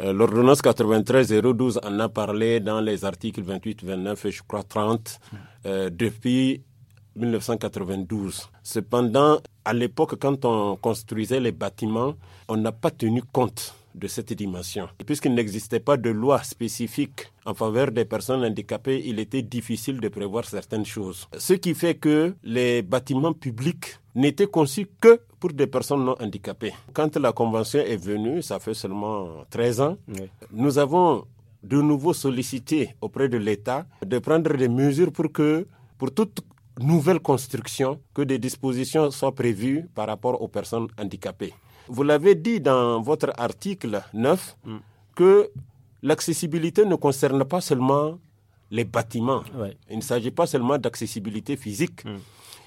Euh, l'ordonnance 93-012 en a parlé dans les articles 28, 29 et je crois 30 euh, depuis 1992. Cependant, à l'époque, quand on construisait les bâtiments, on n'a pas tenu compte de cette dimension. Puisqu'il n'existait pas de loi spécifique en faveur des personnes handicapées, il était difficile de prévoir certaines choses. Ce qui fait que les bâtiments publics n'était conçu que pour des personnes non handicapées. Quand la convention est venue, ça fait seulement 13 ans, nous avons de nouveau sollicité auprès de l'État de prendre des mesures pour que, pour toute nouvelle construction, que des dispositions soient prévues par rapport aux personnes handicapées. Vous l'avez dit dans votre article 9 mm. que l'accessibilité ne concerne pas seulement les bâtiments. Il ne s'agit pas seulement d'accessibilité physique. Mm.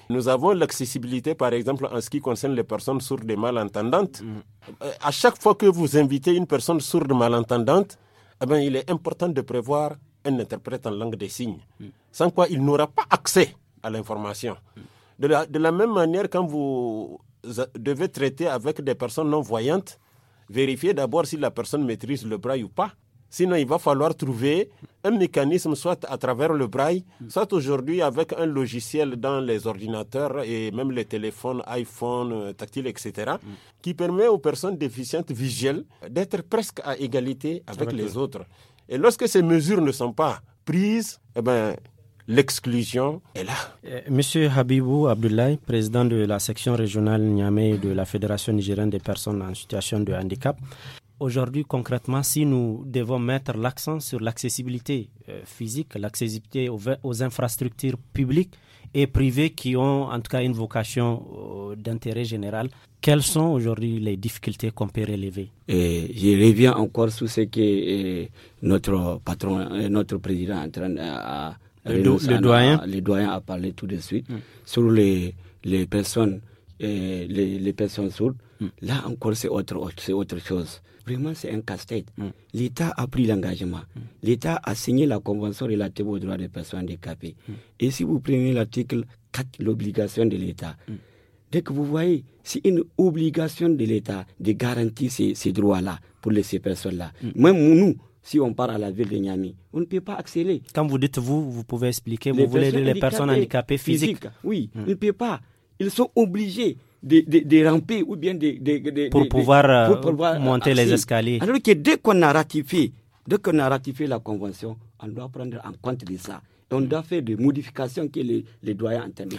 Nous avons l'accessibilité, par exemple, en ce qui concerne les personnes sourdes et malentendantes. Mm. Euh, à chaque fois que vous invitez une personne sourde malentendante, eh ben, il est important de prévoir un interprète en langue des signes, mm. sans quoi il n'aura pas accès à l'information. Mm. De, la, de la même manière, quand vous devez traiter avec des personnes non-voyantes, vérifiez d'abord si la personne maîtrise le braille ou pas. Sinon, il va falloir trouver un mécanisme, soit à travers le braille, mm. soit aujourd'hui avec un logiciel dans les ordinateurs et même les téléphones, iPhone, euh, tactile, etc., mm. qui permet aux personnes déficientes visuelles d'être presque à égalité avec, les autres. Et lorsque ces mesures ne sont pas prises, eh ben, l'exclusion est là. Euh, Monsieur Habibou Abdoulaye, président de la section régionale Niamey de la Fédération nigérienne des personnes en situation de handicap, aujourd'hui concrètement, si nous devons mettre l'accent sur l'accessibilité euh, physique, l'accessibilité aux, infrastructures publiques et privées qui ont en tout cas une vocation euh, d'intérêt général, quelles sont aujourd'hui les difficultés qu'on peut relever et Je reviens encore sur ce que euh, notre patron, notre président en train de... Le, doyen. A, le doyen a parlé tout de suite hum. sur les, les personnes eh, les, personnes sourdes. Hmm. Là encore, c'est autre, autre, autre chose. Vraiment, c'est un casse-tête. Hmm. L'État a pris l'engagement. Hmm. L'État a signé la Convention relative aux droits des personnes handicapées. Et si vous prenez l'article 4, l'obligation de l'État, dès que vous voyez, c'est une obligation de l'État de garantir ces, droits-là pour ces personnes-là. Même nous, si on part à la ville de Niami, On ne peut pas accélérer. Quand vous dites vous, vous pouvez expliquer, vous voulez les personnes handicapées physiques. oui, on ne peut pas ils sont obligés de, ramper ou bien de... pour, pouvoir, euh, pouvoir monter les escaliers. Alors que dès qu'on a ratifié, dès qu'on a ratifié la convention, on doit prendre en compte de ça. on doit faire des modifications que les, les doyens entendent.